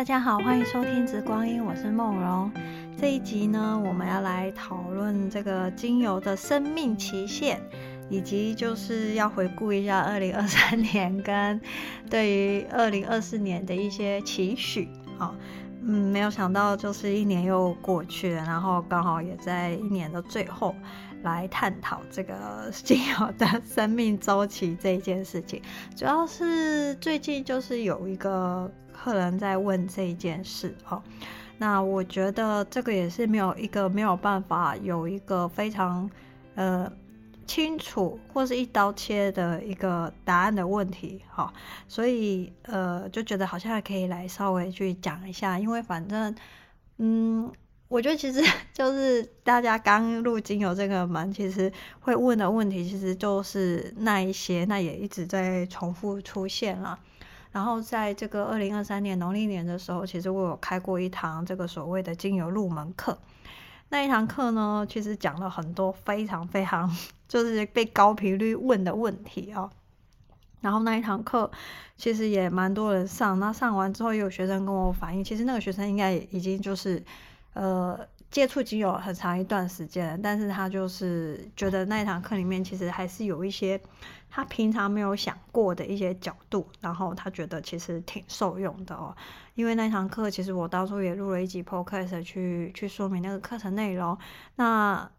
大家好，歡迎收聽《直光陰》，我是夢榮。這一集呢，我們要來討論這個精油的生命期限，以及就是要回顧一下二零二三年跟對於二零二四年的一些期許。哦，嗯，沒有想到就是一年又過去了，然後剛好也在一年的最後來探討這個精油的生命週期這件事情。主要是最近就是有一個。客人在問這一件事哦，那我覺得這個也是沒有一個沒有辦法有一個非常呃清楚、或是一刀切的一個答案的問題哈，所以呃就覺得好像可以來稍微去講一下，因為反正嗯，我覺得其實就是大家剛入精油這個門，其實會問的問題其實就是那一些，那也一直在重複出現了。然後在這個二零二三年農曆年的時候，其實我有開過一堂這個所謂的精油入門課。那一堂課呢，其實講了很多非常非常就是被高頻率問的問題哦。然後那一堂課其實也蠻多人上，那上完之後，也有學生跟我反映，其實那個學生應該已經就是，呃。接觸已經有很長一段時間，但是他就是覺得那一堂課裡面其實還是有一些他平常沒有想過的一些角度，然後他覺得其實挺受用的哦。因為那一堂課，其實我當初也錄了一集 podcast 去去說明那個課程內容。那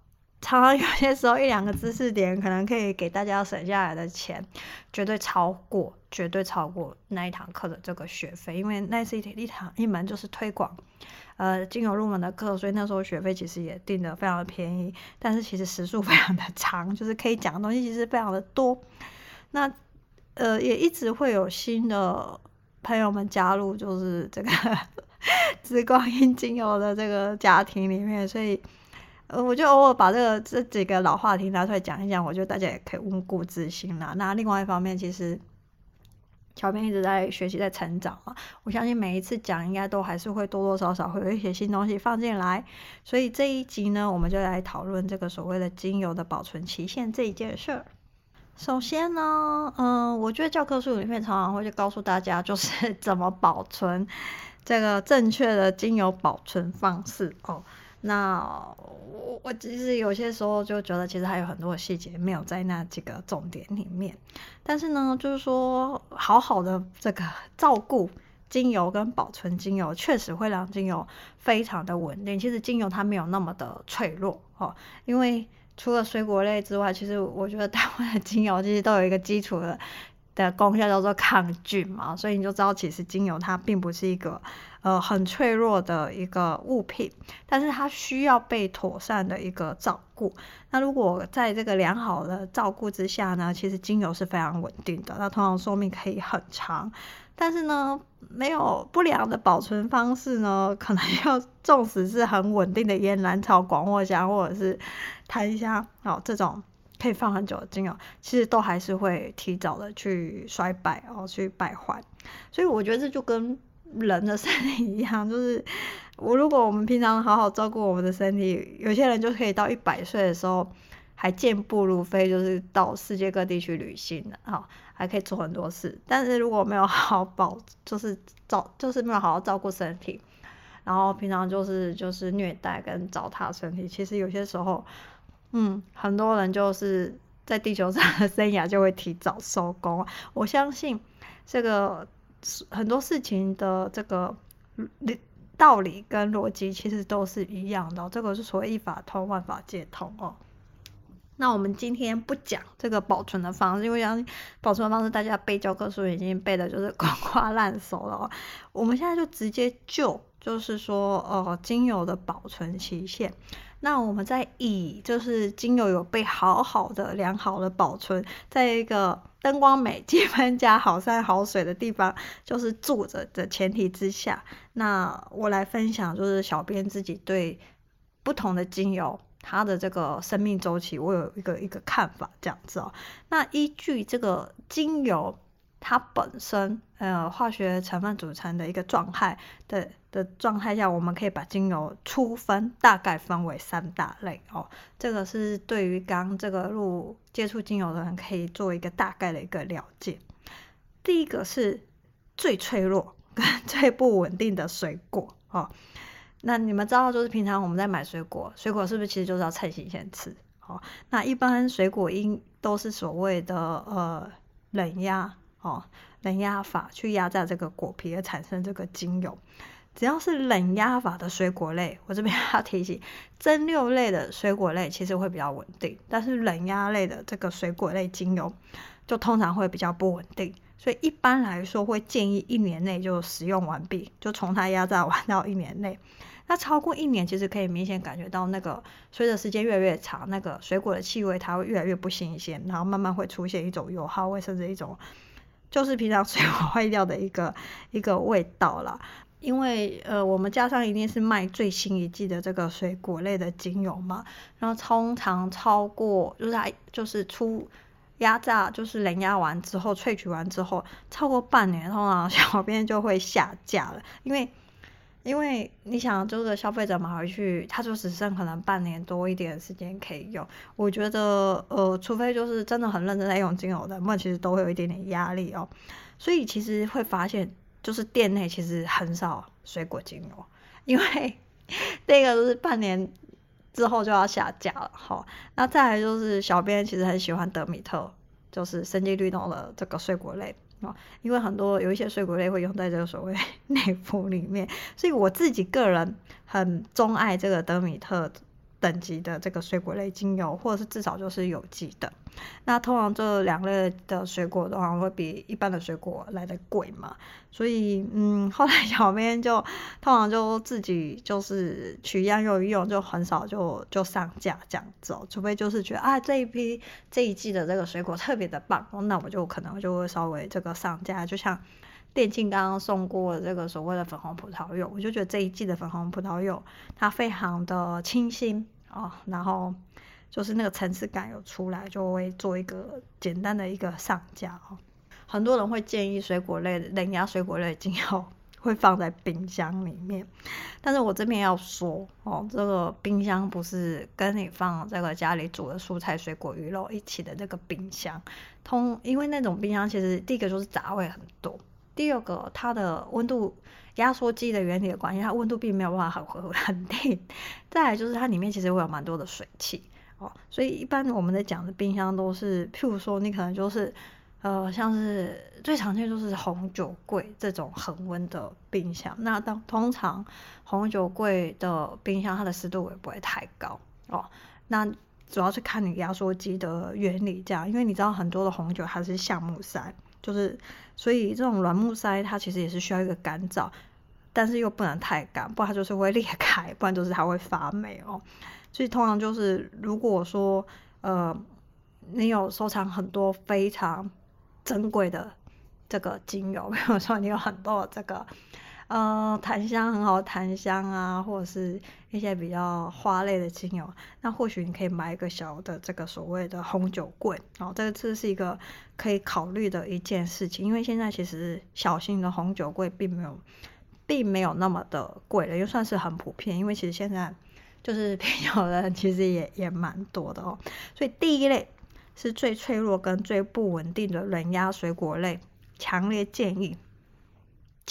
常常有些時候，一兩個知識點，可能可以給大家省下來的錢，絕對超過，絕對超過那一堂課的這個學費。因為那是一堂一,一門就是推廣，呃，精油入門的課，所以那時候學費其實也定的非常的便宜。但是其實時數非常的長，就是可以講的東西其實非常的多。那呃，也一直會有新的朋友們加入，就是這個紫 光音精油的這個家庭裡面，所以。呃，我就偶爾把這個這幾個老話題拿出來講一講，我覺得大家也可以溫故知新啦。那另外一方面，其實橋邊一直在學習、在成長嘛，我相信每一次講應該都還是會多多少少會有一些新東西放進來。所以這一集呢，我們就來討論這個所謂的精油的保存期限這一件事兒。首先呢，嗯，我覺得教科書裡面常常會去告訴大家，就是 怎麼保存這個正確的精油保存方式哦。那我我其實有些時候就覺得，其實還有很多的細節沒有在那幾個重點裡面。但是呢，就是說好好的這個照顧精油跟保存精油，確實會讓精油非常的穩定。其實精油它沒有那麼的脆弱哦，因為除了水果類之外，其實我覺得大部分的精油其實都有一個基礎的的功效叫做抗菌嘛，所以你就知道其實精油它並不是一個。呃，很脆弱的一個物品，但是它需要被妥善的一個照顧。那如果在這個良好的照顧之下呢，其實精油是非常穩定的，那通常壽命可以很長。但是呢，沒有不良的保存方式呢，可能要縱使是很穩定的岩蘭草、廣藿香或者是檀香，哦，這種可以放很久的精油，其實都還是會提早的去衰敗，哦，去敗壞。所以我覺得這就跟。人的身體一樣，就是我如果我們平常好好照顧我們的身體，有些人就可以到一百歲的時候還健步如飛，就是到世界各地去旅行了哈，還可以做很多事。但是如果沒有好好保，就是照，就是沒有好好照顧身體，然後平常就是就是虐待跟糟蹋身體，其實有些時候，嗯，很多人就是在地球上的生涯就會提早收工。我相信這個。很多事情的這個理，道理跟邏輯其實都是一樣的哦，這個是所謂一法通萬法皆通哦。 那我們今天不講這個保存的方式，因為保存的方式大家背教科書已經背的就是滾瓜爛熟了哦。我們現在就直接就就是說，呃，精油的保存期限。那我們在以就是精油有被好好的、良好的保存，在一個燈光美、氣氛佳、好山好水的地方，就是住着的前提之下，那我來分享，就是小編自己對不同的精油它的這個生命週期，我有一個一個看法，這樣子哦。那依據這個精油。它本身呃化學成分組成的一個狀態的的狀態下，我們可以把精油粗分大概分為三大類哦。這個是對於剛、剛這個入接觸精油的人可以做一個大概的一個了解。第一個是最脆弱跟最不穩定的水果哦。那你們知道就是平常我們在買水果，水果是不是其實就是要趁新鮮吃？哦，那一般水果因都是所謂的呃冷壓。哦，冷壓法去壓榨這個果皮而產生這個精油，只要是冷壓法的水果類，我這邊要提醒，蒸餾類的水果類其實會比較穩定，但是冷壓類的這個水果類精油就通常會比較不穩定，所以一般來說會建議一年內就使用完畢，就從它壓榨完到一年內，那超過一年其實可以明顯感覺到那個隨着時間越來越長，那個水果的氣味它會越來越不新鮮，然後慢慢會出現一種油耗味，會甚至一種。就是平常水果壞掉的一個一個味道啦，因為呃，我們加上一定是賣最新一季的這個水果類的精油嘛，然後通常超過就是它就是出壓榨就是冷壓完之後萃取完之後超過半年，通常小編就會下架了，因為。因為你想，就是消費者買回去，他就只剩可能半年多一點時間可以用。我覺得，呃，除非就是真的很認真在用精油的，那其實都會有一點點壓力哦。所以其實會發現，就是店內其實很少水果精油，因為那個都是半年之後就要下架了哈。那再來就是，小編其實很喜歡德米特，就是生機綠動的這個水果類。因為很多有一些水果類會用在這個所謂內服裡面，所以我自己個人很鍾愛這個德米特，等級的這個水果類精油，或者是至少就是有機的。那通常這兩類的水果的話，會比一般的水果來得貴嘛。所以，嗯，後來小編就通常就自己就是取樣用一用，就很少就就上架這樣子哦。除非就是覺得啊這一批這一季的這個水果特別的棒，那我就可能就會稍微這個上架。就像店慶剛剛送過這個所謂的粉紅葡萄柚，我就覺得這一季的粉紅葡萄柚它非常的清新。哦，然後就是那個層次感有出來，就會做一個簡單的一個上架哦。很多人會建議水果類的冷壓水果類精油會放在冰箱裡面，但是我這邊要說哦，這個冰箱不是跟你放這個家裡煮的蔬菜水果魚肉一起的這個冰箱，通因為那種冰箱其實第一個就是雜味很多。第二個，它的溫度壓縮機的原理的關係，它溫度並沒有辦法很很穩定。再來就是它裡面其實會有蠻多的水汽哦，所以一般我們在講的冰箱都是，譬如說你可能就是，呃，像是最常見就是紅酒櫃這種恆溫的冰箱。那當通常紅酒櫃的冰箱，它的濕度也不會太高哦。那主要是看你壓縮機的原理這樣，因為你知道很多的紅酒它是橡木塞。就是，所以這種軟木塞它其實也是需要一個乾燥，但是又不能太乾，不然它就是會裂開，不然就是它會發霉哦。所以通常就是，如果說呃你有收藏很多非常珍貴的這個精油，比如說你有很多這個。呃，檀香很好，檀香啊，或者是一些比較花類的精油，那或許你可以買一個小的這個所謂的紅酒櫃，然後這個這是一個可以考慮的一件事情，因為現在其實小型的紅酒櫃並沒有，並沒有那麼的貴了，又算是很普遍，因為其實現在就是品酒的其實也也蠻多的哦，所以第一類是最脆弱跟最不穩定的冷壓水果類，強烈建議。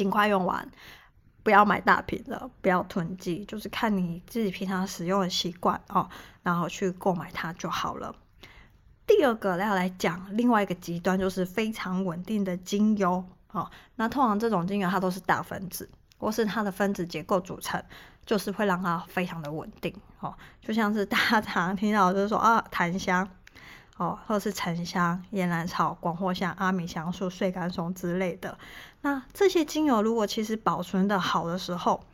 盡快用完，不要買大瓶的，不要囤積，就是看你自己平常使用的習慣哦，然後去購買它就好了。第二個要來講另外一個極端，就是非常穩定的精油。哦，那通常這種精油它都是大分子，或是它的分子結構組成，就是會讓它非常的穩定。哦，就像是大家常聽到我就是說啊，檀香，哦，或者是沉香、岩蘭草、廣藿香、阿米香素、穗甘松之類的。那這些精油如果其實保存的好的時候，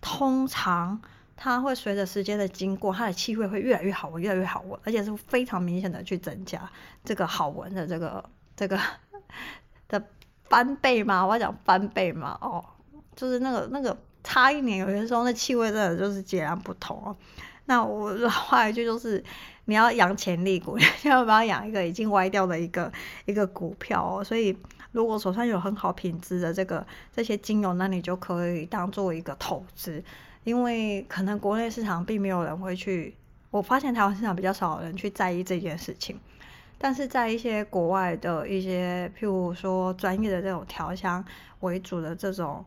通常它會隨着時間的經過，它的氣味會越來越好聞，越來越好聞，而且是非常明顯的去增加這個好聞的這個這個的翻倍嘛？我要講翻倍嘛？哦，就是那個那個差一年，有些時候那氣味真的就是截然不同哦。那我老話一句就是，你要養潛力股，千萬不要養一個已經歪掉的一個一個股票哦，所以。如果手上有很好品質的這個這些精油，那你就可以當做一個投資，因為可能國內市場並沒有人會去，我發現台灣市場比較少人去在意這件事情，但是在一些國外的一些，譬如說專業的這種調香為主的這種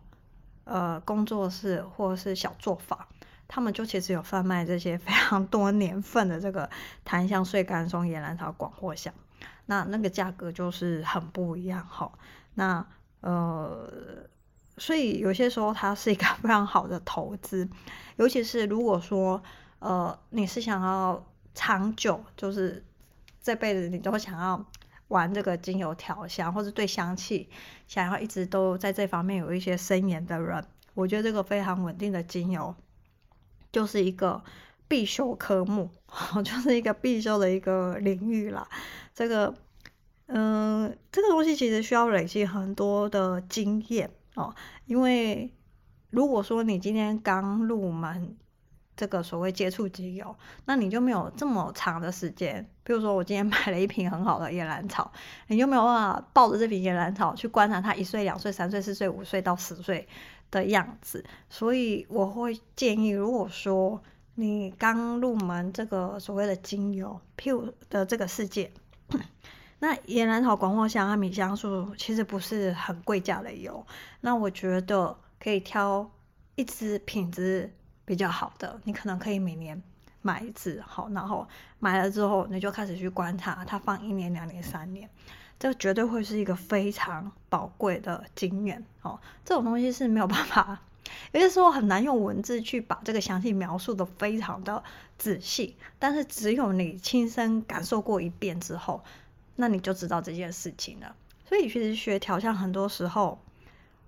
呃工作室或者是小作坊，他們就其實有販賣這些非常多年份的這個檀香、穗甘松、岩蘭草、廣藿香。那那個價格就是很不一樣哈。那呃，所以有些時候它是一個非常好的投資，尤其是如果說呃你是想要長久，就是這輩子你都想要玩這個精油調香，或者對香氣想要一直都在這方面有一些深研的人，我覺得這個非常穩定的精油就是一個必修科目，就是一個必修的一個領域啦。這個，嗯、呃，這個東西其實需要累積很多的經驗哦。因為如果說你今天剛入門這個所謂接觸精油，那你就沒有這麼長的時間。比如說，我今天買了一瓶很好的岩蘭草，你就沒有辦法抱着這瓶岩蘭草去觀察它一歲、兩歲、三歲、四歲、五歲到十歲的樣子。所以，我會建議，如果說你剛入門這個所謂的精油，Q 的這個世界。那岩蘭草、廣藿香、阿米香樹其實不是很貴價的油。那我覺得可以挑一支品質比較好的，你可能可以每年買一次。好，然後買了之後你就開始去觀察它放一年、兩年、三年，這絕對會是一個非常寶貴的經驗。哦，這種東西是沒有辦法，也就是說很難用文字去把這個詳細描述得非常的仔細，但是只有你親身感受過一遍之後，那你就知道這件事情了。所以其實學調香很多時候，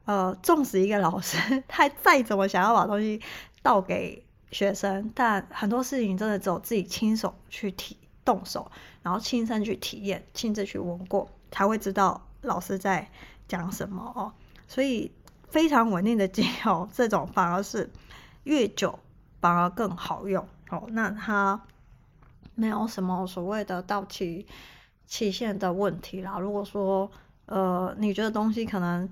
呃，縱使一個老師他再怎麼想要把東西倒給學生，但很多事情真的只有自己親手去體動手，然後親身去體驗、親自去聞過，才會知道老師在講什麼哦。所以非常穩定的精油，這種反而是越久反而更好用哦。那它沒有什麼所謂的到期。期限的問題啦，如果說，呃，你覺得東西可能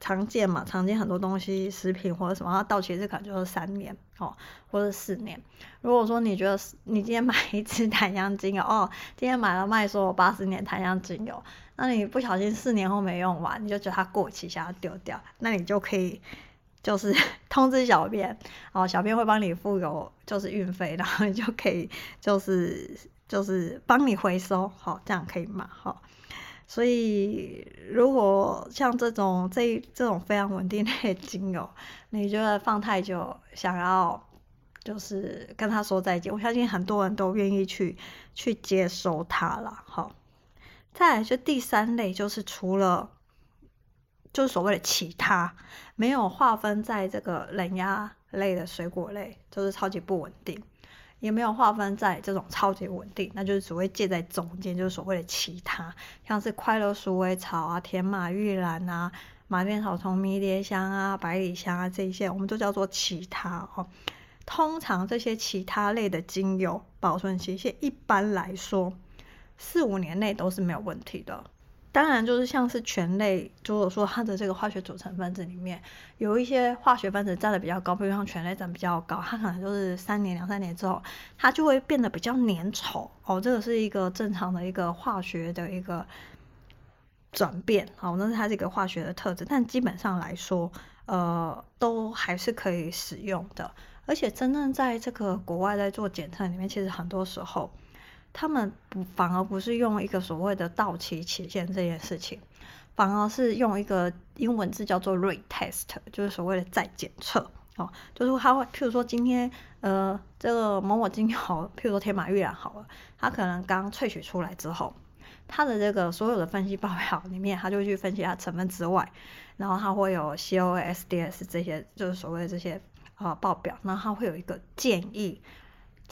常見嘛？常見很多東西，食品或者什麼，到期日可能就是三年哦，或者四年。如果說你覺得你今天買一支檀香精油，哦，今天買了賣說我八十年檀香精油，那你不小心四年後沒用完，你就覺得它過期，想要丟掉，那你就可以就是通知小編，哦，小編會幫你付郵，就是運費，然後你就可以就是。就是幫你回收，好，這樣可以嗎？好，所以如果像這種這這種非常穩定的精油，你覺得放太久，想要就是跟他說再見，我相信很多人都願意去去接收它啦。好，再來就第三類，就是除了就是所謂的其他，沒有劃分在這個冷壓類的水果類，就是超級不穩定。也沒有劃分在這種超級穩定，那就是只會介在中間，就是所謂的其他，像是快樂鼠尾草啊、甜馬鬱蘭啊、馬鞭草蟲迷迭迭香啊、百里香啊這一些，我們都叫做其他哦。通常這些其他類的精油保存期限一般來說四五年內都是沒有問題的。當然，就是像是醛類，如果說它的這個化學組成分子裡面有一些化學分子占的比較高，比如像醛類占比較高，它可能就是三年兩三年之後，它就會變得比較粘稠哦。這個是一個正常的一個化學的一個轉變好，哦，那是它這個化學的特質。但基本上來說，呃，都還是可以使用的。而且真正在這個國外在做檢測裡面，其實很多時候。他們不，反而不是用一個所謂的到期期限這件事情，反而是用一個英文字叫做 retest，就是所謂的再檢測。哦，就是他會，譬如說今天，呃，這個某某今天好，譬如說甜馬鬱蘭好了，他可能剛萃取出來之後，他的這個所有的分析報表裡面，他就去分析它成分之外，然後它會有 COSDS 這些，就是所謂的這些呃報表，然後它會有一個建議。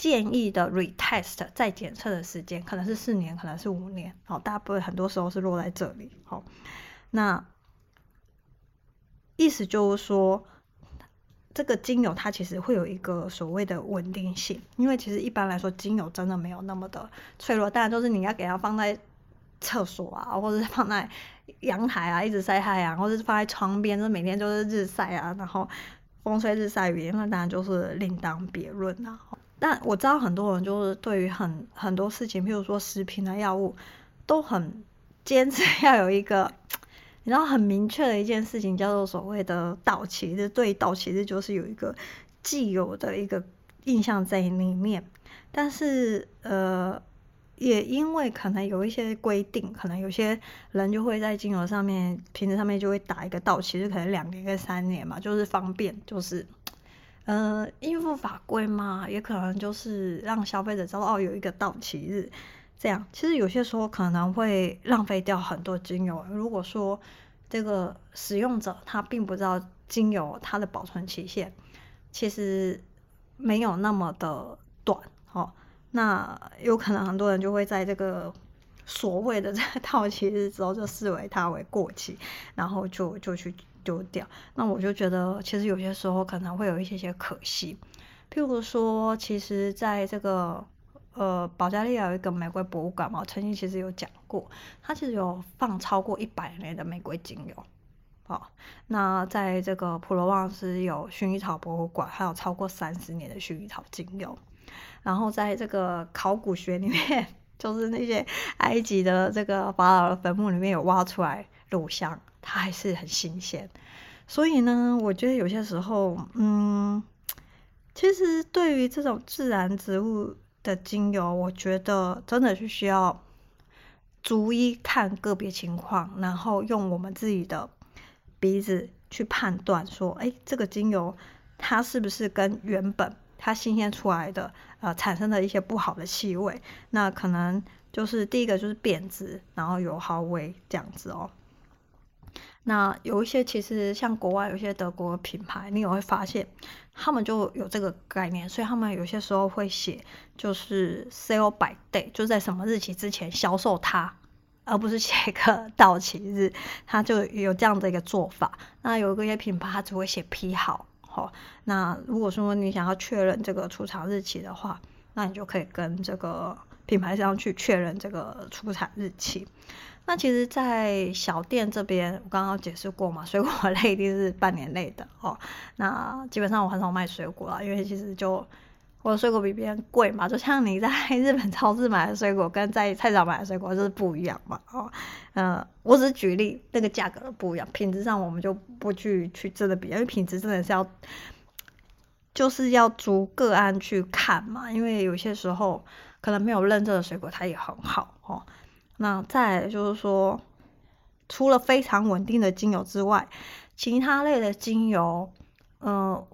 建議的 retest 再檢測的時間可能是四年，可能是五年。好、哦，大部分很多時候是落在這裡。好、哦，那意思就是說，這個精油它其實會有一個所謂的穩定性，因為其實一般來說精油真的沒有那麼的脆弱。當然，就是你要給它放在廁所啊，或者是放在陽台啊，一直曬太陽，或者是放在窗邊，這、就是、每天就是日曬啊，然後風吹日曬雨淋，那當然就是另當別論啦。哦那我知道很多人就是對於很很多事情，譬如說食品和藥物，都很堅持要有一個，你知道很明確的一件事情，叫做所謂的到期。其實，就是，對到期，其實就是有一個既有的一個印象在裡面。但是呃，也因為可能有一些規定，可能有些人就會在金額上面、瓶子上面就會打一個到期，其實可能兩年跟三年嘛，就是方便，就是。呃、嗯，應付法規嘛，也可能就是讓消費者知道哦，有一個到期日，這樣。其實有些時候可能會浪費掉很多精油。如果說這個使用者他並不知道精油它的保存期限，其實沒有那麼的短，哦，那有可能很多人就會在這個所謂的這個到期日之後就視為它為過期，然後就就去。丟掉，那我就覺得其實有些時候可能會有一些些可惜。譬如說，其實在這個呃，保加利亞有一個玫瑰博物館嘛，曾經其實有講過，它其實有放超過一百年的玫瑰精油。好、哦，那在這個普羅旺斯有薰衣草博物館，還有超過三十年的薰衣草精油。然後在這個考古學裡面，就是那些埃及的這個法老的墳墓裡面有挖出來乳香。它還是很新鮮，所以呢，我覺得有些時候，嗯，其實對於這種自然植物的精油，我覺得真的是需要逐一看個別情況，然後用我們自己的鼻子去判斷，說，哎，這個精油它是不是跟原本它新鮮出來的，呃，產生了一些不好的氣味，那可能就是第一個就是變質，然後油耗味這樣子哦。那有一些其實像國外有一些德國的品牌，你也會發現他們就有這個概念，所以他們有些時候會寫就是 sale by day，就在什麼日期之前銷售它，而不是寫一個到期日，它就有這樣的一個做法。那有一些品牌它只會寫批號，哈、哦。那如果說你想要確認這個出廠日期的話，那你就可以跟這個品牌商去確認這個出廠日期。那其實，在小店這邊，我剛剛解釋過嘛，水果類一定是半年內的哦。那基本上我很少賣水果啊，因為其實就我的水果比別人貴嘛。就像你在日本超市買的水果，跟在菜場買的水果就是不一樣嘛，哦，嗯、呃，我只是舉例，那個價格不一樣，品質上我們就不去去真的比較，因為品質真的是要，就是要逐個案去看嘛，因為有些時候可能沒有認證的水果，它也很好哦。那再就是說，除了非常穩定的精油之外，其他類的精油，嗯、呃，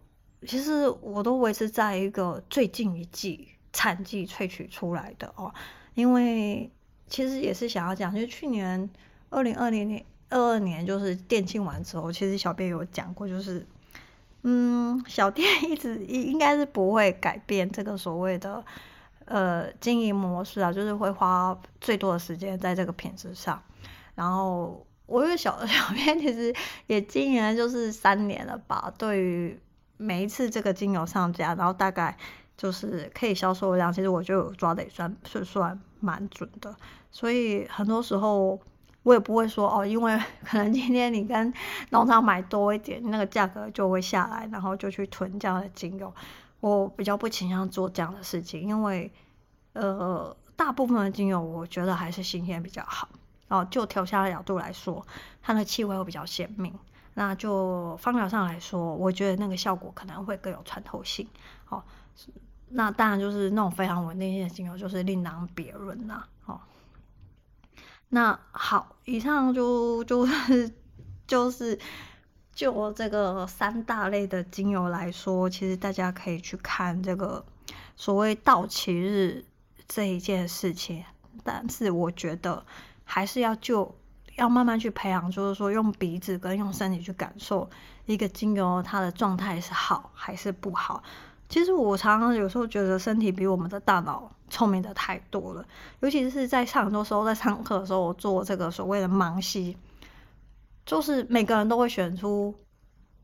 其實我都維持在一個最近一季產季萃取出來的哦。因為其實也是想要講，就是、去年二零二零年二二年就是店慶完之後，其實小編有講過，就是嗯，小店一直應該是不會改變這個所謂的。呃，經營模式啊，就是會花最多的時間在這個品質上。然後，我因為小小編其實也經營了就是三年了吧，對於每一次這個精油上架，然後大概就是可以銷售量，其實我就抓得也算算算蠻準的。所以很多時候我也不會說哦，因為可能今天你跟農場買多一點，那個價格就會下來，然後就去囤這樣的精油。我比較不傾向做這樣的事情，因為，呃，大部分的精油我覺得還是新鮮比較好。哦，就調香的角度來說，它的氣味會比較鮮明。那就芳療上來說，我覺得那個效果可能會更有穿透性。好，哦，那當然就是那種非常穩定性的精油就是另當別論啦。哦，那好，以上就就就是。就是就這個三大類的精油來說，其實大家可以去看這個所謂到期日這一件事情。但是我覺得還是要就要慢慢去培養，就是說用鼻子跟用身體去感受一個精油它的狀態是好還是不好。其實我常常有時候覺得身體比我們的大腦聰明得太多了，尤其是在上很多時候在上課的時候，我做這個所謂的盲吸。就是每個人都會選出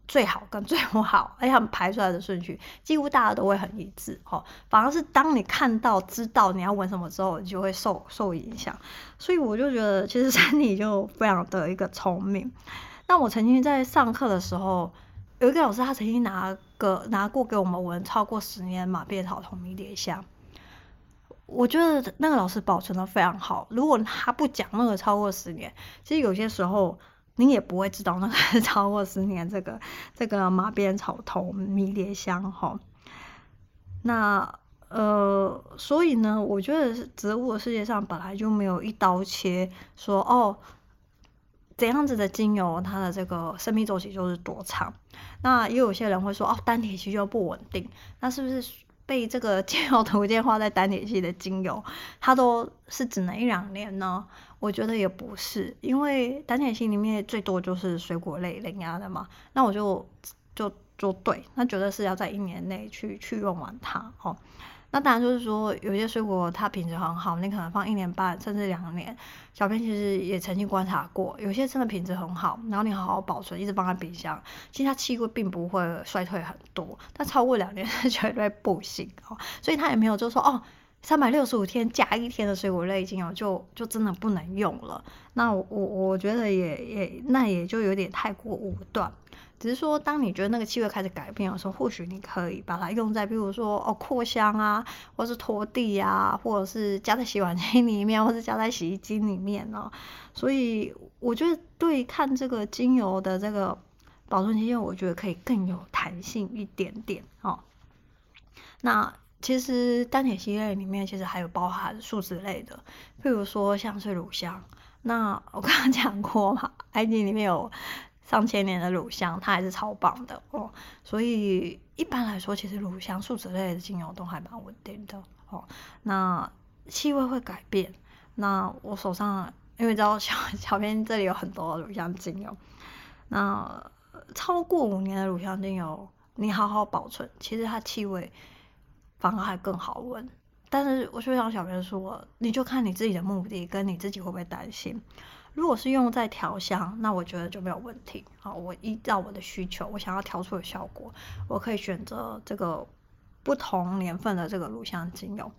最好跟最不好，而且他們排出來的順序幾乎大家都會很一致哦。反而是當你看到知道你要聞什麼之後，你就會受受影響。所以我就覺得，其實珊妮就非常的一個聰明。那我曾經在上課的時候，有一個老師，他曾經拿個拿過給我們聞超過十年馬鞭草酮迷迭香，我覺得那個老師保存得非常好。如果他不講那個超過十年，其實有些時候，您也不會知道那個超過十年，這個這個馬鞭草酮迷迭香哈，哦，那呃，所以呢，我覺得植物世界上本來就沒有一刀切，說哦，怎樣子的精油它的這個生命週期就是多長。那也有些人會說哦，單萜類就不穩定，那是不是被這個精油圖鑑化在單萜類的精油，它都是只能一兩年呢？我覺得也不是，因為單點心裡面最多就是水果類人家的嘛，那我就就就對，那絕對是要在一年內去去用完它哦。那當然就是說，有些水果它品質很好，你可能放一年半甚至兩年。小編其實也曾經觀察過，有些真的品質很好，然後你好好保存，一直放在冰箱，其實它氣味並不會衰退很多。但超過兩年是絕對不行哦，所以他也沒有就說哦。三百六十五天加一天的水果類精油就，就就真的不能用了。那我我，我覺得也也那也就有點太過武斷。只是說，當你覺得那個氣味開始改變的時候，或許你可以把它用在，比如說哦擴香啊，或者是拖地啊，或者是加在洗碗機裡面，或者是加在洗衣機裡面哦。所以我覺得，對，看這個精油的這個保存期間，我覺得可以更有彈性一點點哦。那。其實單萜系列裡面其實還有包含樹脂類的，譬如說像是乳香。那我剛剛講過嘛，埃及裡面有上千年的乳香，它還是超棒的哦。所以一般來說，其實乳香樹脂類的精油都還蠻穩定的哦。那氣味會改變。那我手上因為你知道小、小小邊這裡有很多乳香精油，那超過五年的乳香精油，你好好保存，其實它氣味。反而還更好聞，但是我就想小朋友說，你就看你自己的目的跟你自己會不會擔心。如果是用在調香，那我覺得就沒有問題。好，我依照我的需求，我想要調出的效果，我可以選擇這個不同年份的這個乳香精油。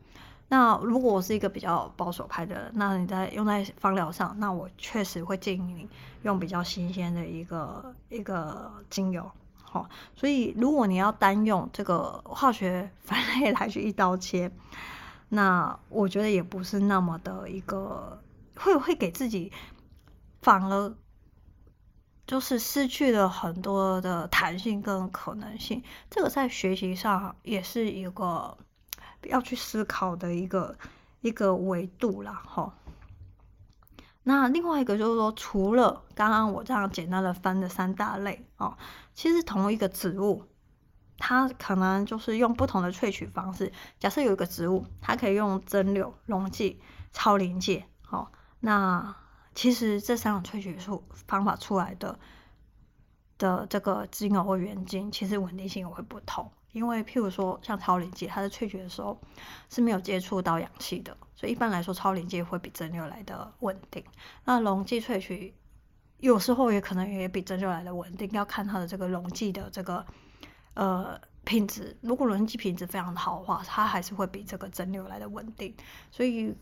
那如果我是一個比較保守派的人，那你在用在芳療上，那我確實會建議你用比較新鮮的一個一個精油。好、哦，所以如果你要單用這個化學分類來去一刀切，那我覺得也不是那麼的一個，會會給自己反而就是失去了很多的彈性跟可能性。這個在學習上也是一個要去思考的一個一個維度啦，哈、哦。那另外一個就是說，除了剛剛我這樣簡單的分的三大類哦，其實同一個植物，它可能就是用不同的萃取方式。假設有一個植物，它可以用蒸餾、溶劑、超臨界，哦，那其實這三種萃取出方法出來的的這個精油或原精，其實穩定性也會不同。因為譬如說，像超臨界，它在萃取的時候是沒有接觸到氧氣的，所以一般來說，超臨界會比蒸餾來的穩定。那溶劑萃取有時候也可能也比蒸餾來的穩定，要看它的這個溶劑的這個呃品質。如果溶劑品質非常好的話，它還是會比這個蒸餾來的穩定。所以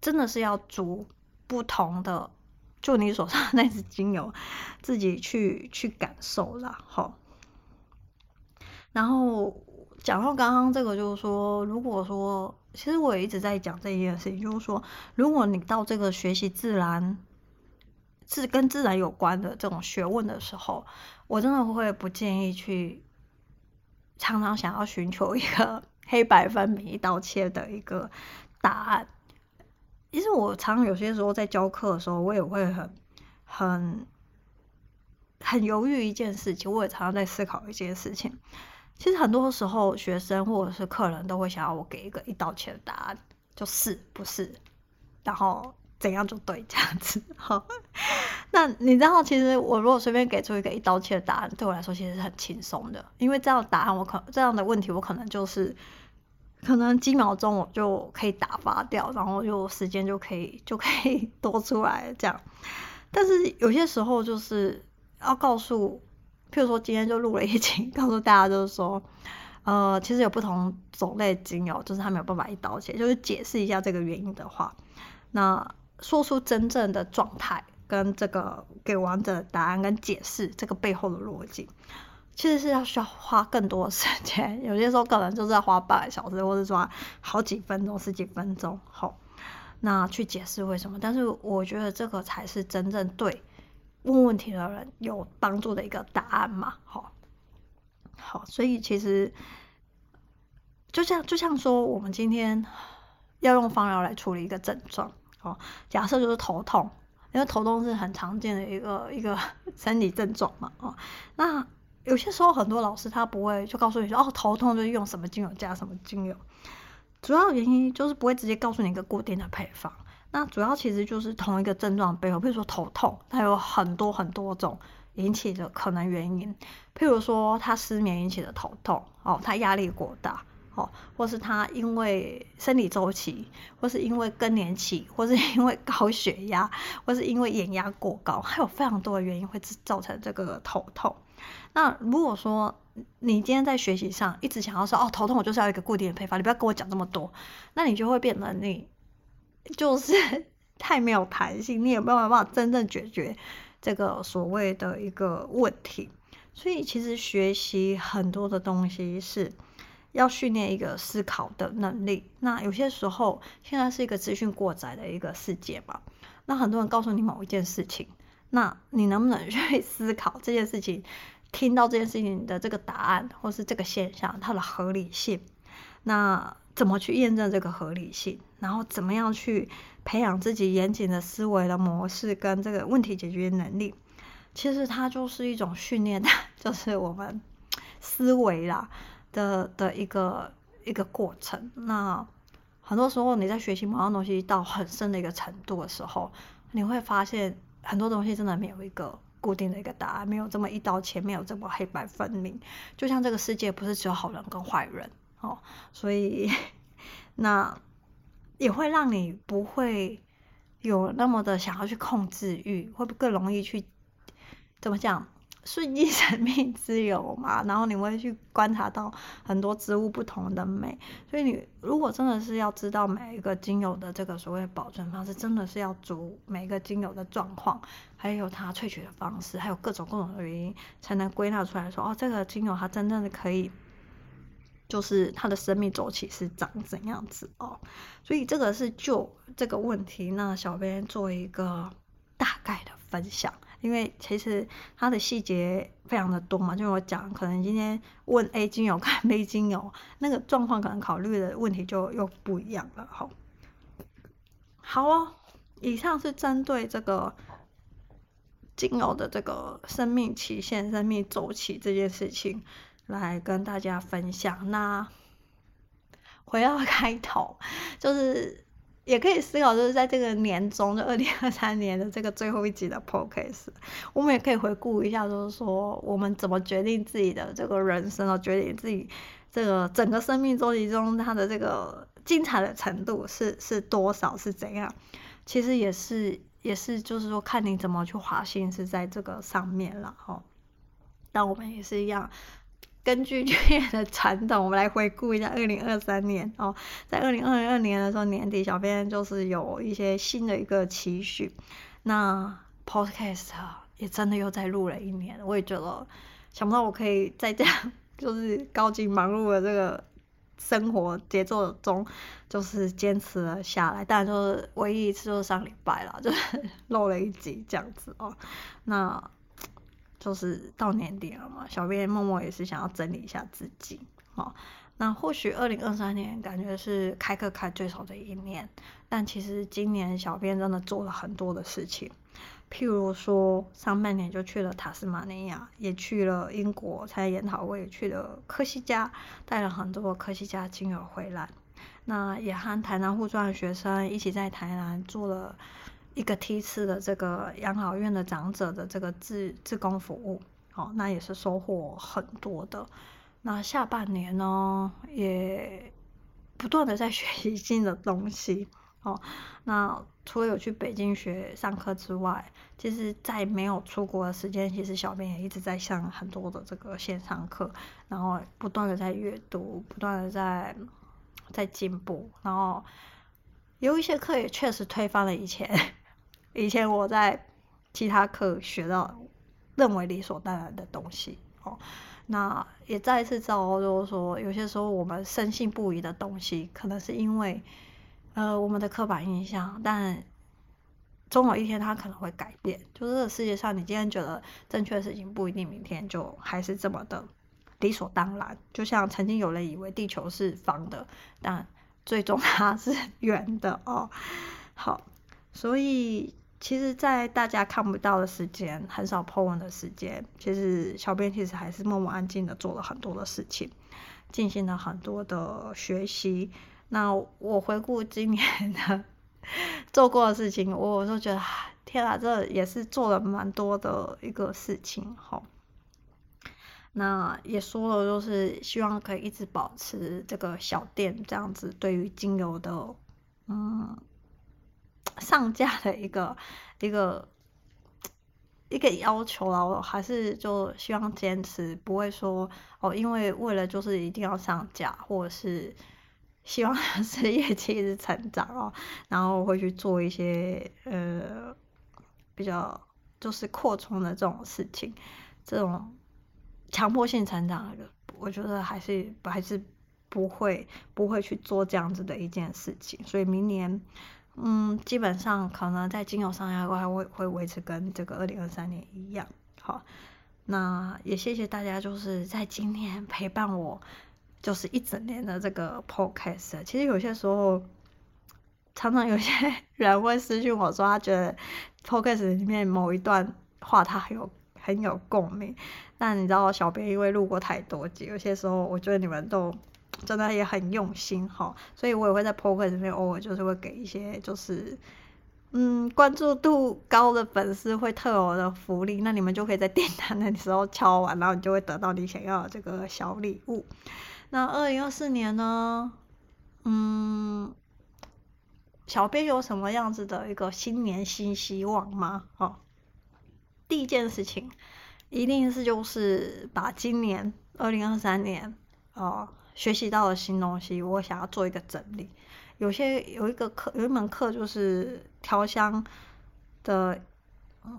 真的是要逐不同的，就你手上那支精油，自己去去感受啦，吼。然後講到剛剛這個，就是說，如果說，其實我也一直在講這一件事情，就是說，如果你到這個學習自然，是跟自然有關的這種學問的時候，我真的會不建議去常常想要尋求一個黑白分明、一刀切的一個答案。其實我常常有些時候在教課的時候，我也會很很很猶豫一件事情，我也常常在思考一件事情。其實很多時候，學生或者是客人都會想要我給一個一刀切的答案，就是不是，然後怎樣就對這樣子。哈，那你知道，其實我如果隨便給出一個一刀切的答案，對我來說其實是很輕鬆的，因為這樣的答案我可這樣的問題我可能就是，可能幾秒鐘我就可以打發掉，然後就時間就可以就可以多出來這樣。但是有些時候就是要告訴。譬如說今天就錄了一集，告訴大家就是說，呃，其實有不同種類的精油，就是它沒有辦法一刀切，就是解釋一下這個原因的話，那說出真正的狀態跟這個給完整的答案跟解釋這個背後的邏輯，其實是要需要花更多的時間，有些時候可能就是要花半個小時，或者是花好幾分鐘、十幾分鐘，後。那去解釋為什麼。但是我覺得這個才是真正對。問問題的人有幫助的一個答案嘛？好、哦，好，所以其實就像就像說，我們今天要用芳療來處理一個症狀，哦，假設就是頭痛。因為頭痛是很常見的一個一個生理症狀嘛，哦，那有些時候很多老師他不會就告訴你說，哦，頭痛就是用什麼精油加什麼精油，主要原因就是不會直接告訴你一個固定的配方。那主要其實就是同一個症狀背後，比如說頭痛，它有很多很多種引起的可能原因，譬如說他失眠引起的頭痛，哦，他壓力過大，哦，或是他因為生理週期，或是因為更年期，或是因為高血壓，或是因為眼壓過高，還有非常多的原因會造成這個頭痛。那如果說你今天在學習上一直想要說，哦，頭痛我就是要一個固定的配方，你不要跟我講那麼多，那你就會變能力。就是太沒有彈性，你也沒有辦法真正解決這個所謂的一個問題，所以其實學習很多的東西是要訓練一個思考的能力。那有些時候現在是一個資訊過載的一個世界嘛，那很多人告訴你某一件事情，那你能不能去思考這件事情，聽到這件事情的這個答案，或是這個現象它的合理性？那怎麼去驗證這個合理性？然後怎麼樣去培養自己嚴謹的思維的模式跟這個問題解決能力？其實它就是一種訓練，就是我們思維啦的的一個一個過程。那很多時候你在學習某樣東西到很深的一個程度的時候，你會發現很多東西真的沒有一個固定的一個答案，沒有這麼一刀切，沒有這麼黑白分明。就像這個世界不是只有好人跟壞人哦，所以那。也會讓你不會有那麼的想要去控制欲，會不更容易去怎麼講，順其生命之流嘛？然後你會去觀察到很多植物不同的美。所以你如果真的是要知道每一個精油的這個所謂保存方式，真的是要逐每一個精油的狀況，還有它萃取的方式，還有各種各種的原因，才能歸納出來說哦，這個精油它真正的可以。就是它的生命周期是長怎樣子哦，所以這個是就這個問題，那小編做一個大概的分享，因為其實它的細節非常的多嘛，就我講，可能今天問 A 精油看 B 精油那個狀況，可能考慮的問題就又不一樣了。哈好哦，以上是針對這個精油的這個生命期限、生命周期這件事情。來跟大家分享。那回到開頭，就是也可以思考，就是在這個年終，就二零二三年的這個最後一集的 podcast，我們也可以回顧一下，就是說我們怎麼決定自己的這個人生啊，決定自己這個整個生命周期中它的這個精彩的程度是是多少，是怎樣。其實也是也是，就是說看你怎麼去劃線是在這個上面了哈。那、哦、我們也是一樣。根據去年的傳統，我們來回顧一下二零二三年哦。在二零二二年的時候，年底小編就是有一些新的一個期許。那 Podcast 也真的又再錄了一年，我也覺得想不到我可以再這樣就是高級忙碌的這個生活節奏中，就是堅持了下來。當然，就是唯一一次就是上禮拜了，就是漏了一集這樣子哦。那。就是到年底了嘛，小編默默也是想要整理一下自己、哦、那或許二零二三年感覺是開課開最少的一年，但其實今年小編真的做了很多的事情，譬如說上半年就去了塔斯馬尼亞，也去了英國參加研討會，去了科西嘉，帶了很多科西嘉精油回來，那也和台南互中的學生一起在台南做了。一個梯次的這個養老院的長者的這個志志工服務，哦，那也是收穫很多的。那下半年呢，哦，也不斷的在學習新的東西，哦，那除了有去北京學上課之外，其實在沒有出國的時間，其實小編也一直在上很多的這個線上課，然後不斷的在閱讀，不斷的在在進步，然後有一些課也確實推翻了以前。以前我在其他課學到認為理所當然的東西哦，那也再一次昭示說，有些時候我們深信不疑的東西，可能是因為呃我們的刻板印象，但終有一天它可能會改變。就是這世界上，你今天覺得正確的事情，不一定明天就還是這麼的理所當然。就像曾經有人以為地球是方的，但最終它是圓的哦。好，所以。其實，在大家看不到的時間，很少 PO 文的時間，其實小編其實還是默默安靜的做了很多的事情，進行了很多的學習。那我回顧今年的做過的事情，我都覺得天啊，這也是做了蠻多的一個事情哈。那也說了，就是希望可以一直保持這個小店這樣子，對於精油的，嗯。上架的一個一個一個要求了，我還是就希望堅持，不會說哦，因為為了就是一定要上架，或者是希望是業績一直成長哦，然後會去做一些呃比較就是擴充的這種事情，這種強迫性成長的，我覺得還是不還是不會不會去做這樣子的一件事情，所以明年。嗯，基本上可能在精油上壓過，會會維持跟這個二零二三年一樣。好，那也謝謝大家，就是在今年陪伴我，就是一整年的這個 Podcast。其實有些時候，常常有些人會私訊我說，他覺得 Podcast 裡面某一段話，他很有很有共鳴。但你知道，小編因為錄過太多集，有些時候我覺得你們都。真的也很用心哈、哦，所以我也會在 Podcast 裡面偶爾就是會給一些就是嗯關注度高的粉絲會特有的福利，那你們就可以在電台的時候敲完，然後你就會得到你想要的這個小禮物。那二零二四年呢，嗯，小編有什麼樣子的一個新年新希望嗎？哈、哦，第一件事情一定是就是把今年二零二三年哦，學習到了新東西，我想要做一個整理。有些有一個課，有一門課就是調香的，嗯，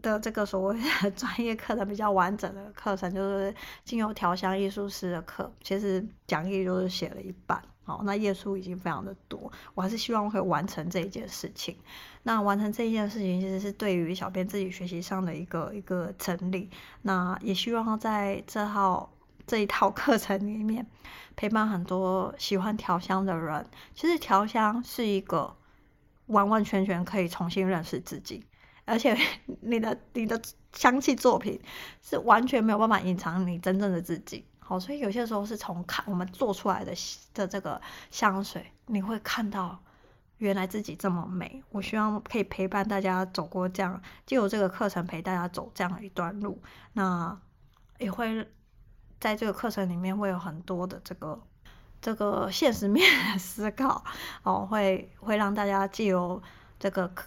的這個所謂的專業課程，比較完整的課程，就是精油調香藝術師的課。其實講義就是寫了一半，好，那頁數已經非常的多，我還是希望可以完成這一件事情。那完成這一件事情，其實是對於小編自己學習上的一個一個整理。那也希望在這號這一套課程裡面，陪伴很多喜歡調香的人。其實調香是一個完完全全可以重新認識自己，而且你的你的香氣作品是完全沒有辦法隱藏你真正的自己。好，所以有些時候是從看我們做出來的的這個香水，你會看到原來自己這麼美。我希望可以陪伴大家走過這樣，就有這個課程陪大家走這樣一段路，那也會。在這個課程裡面會有很多的這個這個現實面的思考哦，會會讓大家借由這個課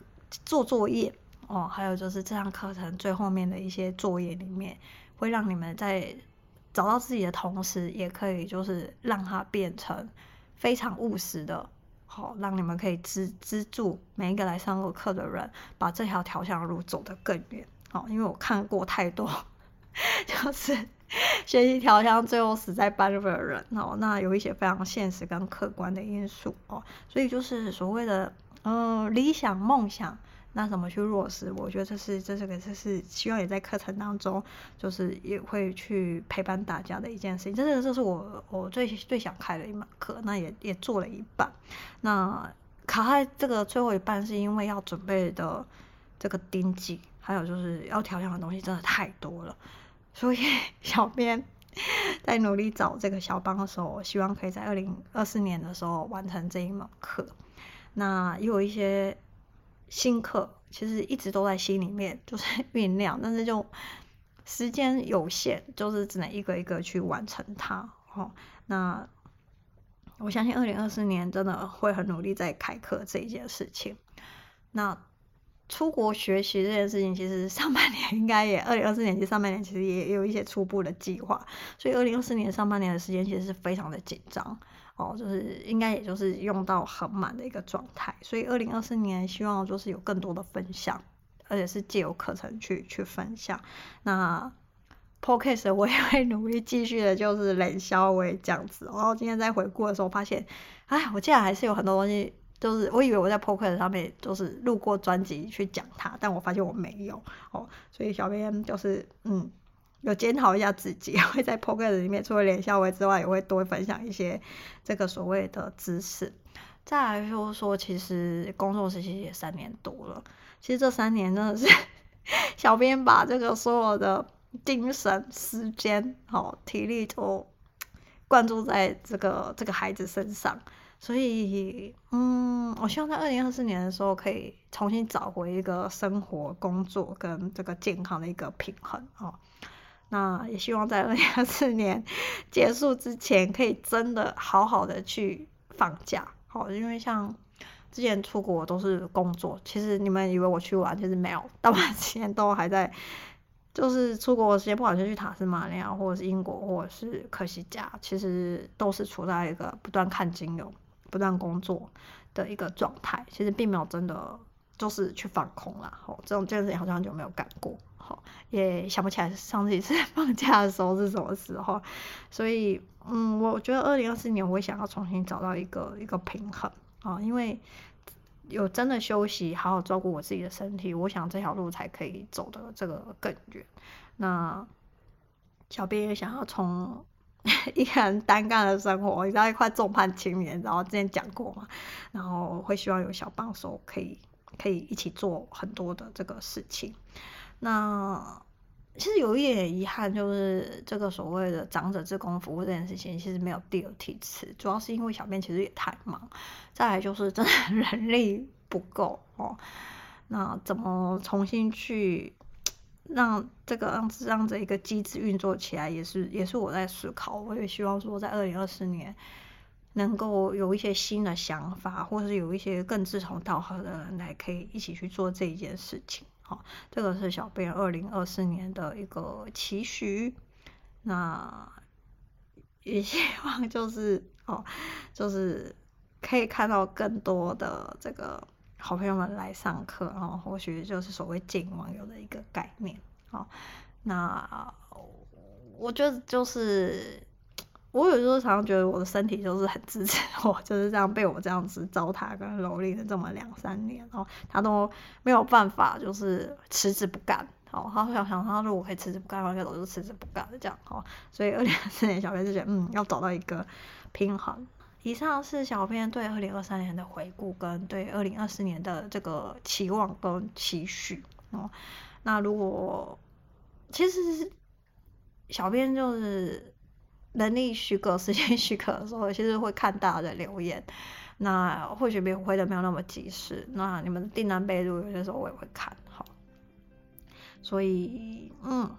做作業哦，還有就是這堂課程最後面的一些作業裡面，會讓你們在找到自己的同時，也可以就是讓它變成非常務實的，好、哦、讓你們可以資資助每一個來上過課的人，把這條調香路走得更遠哦。因為我看過太多，就是。 學習調香，最後死在班裡的人哦，那有一些非常現實跟客觀的因素哦，所以就是所謂的嗯、呃，理想夢想，那怎麼去落實？我覺得這是這是個這是希望也在課程當中，就是也會去陪伴大家的一件事情。真的這是我我最最想開的一門課，那也也做了一半，那卡在這個最後一半，是因為要準備的這個釘記，還有就是要調香的東西真的太多了。所以，小編在努力找這個小幫手，我希望可以在二零二四年的時候完成這一門課。那也有一些新課，其實一直都在心裡面，就是醞釀，但是就時間有限，就是只能一個一個去完成它。哦，那我相信二零二四年真的會很努力在開課這一件事情。那出國學習這件事情，其實上半年應該也二零二四年其實上半年其實也有一些初步的計劃，所以二零二四年上半年的時間其實是非常的緊張哦，就是應該也就是用到很滿的一個狀態，所以二零二四年希望就是有更多的分享，而且是借由課程去去分享。那 podcast 我也會努力繼續的，就是冷消微這樣子。然後今天在回顧的時候發現，哎，我竟然還是有很多東西。就是我以為我在播客上面就是錄過專輯去講它，但我發現我沒有哦，所以小編就是嗯，有檢討一下自己，會在播客裡面除了臉笑會之外，也會多分享一些這個所謂的知識。再來說說，其實工作時期也三年多了，其實這三年真的是小編把這個所有的精神、時間、哈、哦、體力都灌注在這個這個孩子身上。所以，嗯，我希望在二零二四年的時候可以重新找回一個生活、工作跟這個健康的一個平衡哦。那也希望在二零二四年結束之前，可以真的好好的去放假哦。因為像之前出國都是工作，其實你們以為我去玩，其實沒有，大部分時間都還在，就是出國的時間，不管是去塔斯馬尼亞，或者是英國，或者是科西嘉，其實都是處在一個不斷看金融，不斷工作的一個狀態，其實並沒有真的就是去放空了。好、哦，這種這件事好像很久沒有幹過。好、哦，也想不起來上次一次放假的時候是什麼時候。所以，嗯，我覺得二零二四年我會想要重新找到一個一個平衡啊、哦，因為有真的休息，好好照顧我自己的身體，我想這條路才可以走得這個更遠。那小編也想要從。 一個人單幹的生活，你知道一塊眾叛親離。然後之前講過嘛，然後會希望有小幫手，可以可以一起做很多的這個事情。那其實有一點遺憾，就是這個所謂的長者志工服務這件事情，其實沒有第二梯次，主要是因為小編其實也太忙，再來就是真的人力不夠哦。那怎麼重新去？讓這個讓讓這一個機制運作起來，也是也是我在思考。我也希望說，在二零二四年能夠有一些新的想法，或是有一些更志同道合的人來可以一起去做這一件事情。好、哦，這個是小編二零二四年的一個期許。那也希望就是哦，就是可以看到更多的這個。好朋友們來上課，然、哦、後或許就是所謂見網友的一個概念。哦，那我覺得就是，我有時候常常覺得我的身體就是很支持我，就是這樣被我這樣子糟蹋跟蹂躪了這麼兩三年，然、哦、後他都沒有辦法就是辭職不幹。好、哦，他想想他，他說我可以辭職不幹，然後我就辭職不幹這樣。好、哦，所以二零二四年小朋友就覺得，嗯，要找到一個平衡。以上是小編對二零二三年的回顧，跟對二零二四年的這個期望跟期許哦。那如果其實，小編就是能力許可、時間許可的時候，其實會看大家的留言。那或許沒有回的沒有那麼及時。那你們的訂單備註有些時候我也會看哈。所以，嗯。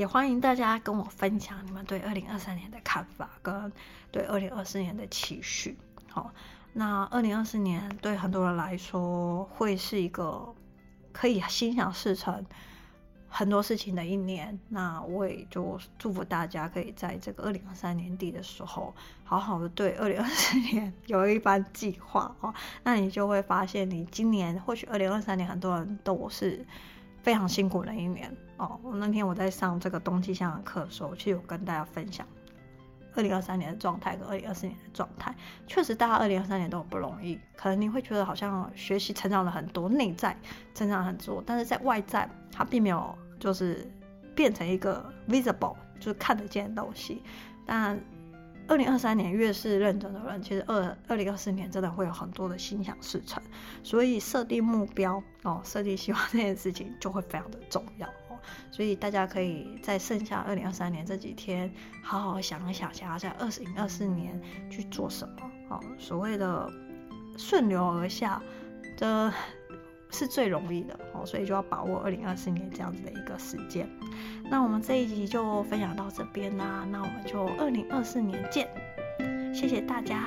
也歡迎大家跟我分享你們對二零二三年的看法跟對二零二四年的期許。好，哦，那二零二四年對很多人來說會是一個可以心想事成很多事情的一年。那我也就祝福大家可以在這個二零二三年底的時候，好好的對二零二四年有一番計劃哦。那你就會發現，你今年或許二零二三年很多人都我是。非常辛苦的一年哦，我那天我在上這個冬季線上的課的時候，其實跟大家分享，二零二三年的狀態跟二零二四年的狀態，確實大家二零二三年都很不容易。可能你會覺得好像學習成長了很多，內在成長了很多，但是在外在它並沒有就是變成一個 visible，就是看得見的東西。但二零二三年越是認真的人，其實二二零二四年真的會有很多的心想事成，所以設定目標哦，設定希望這件事情就會非常的重要哦。所以大家可以在剩下二零二三年這幾天，好好想一想，想要在二零二四年去做什麼哦。所謂的順流而下的。是最容易的哦，所以就要把握二零二四年這樣子的一個時間。那我們這一集就分享到這邊啦、啊，那我們就二零二四年見，謝謝大家。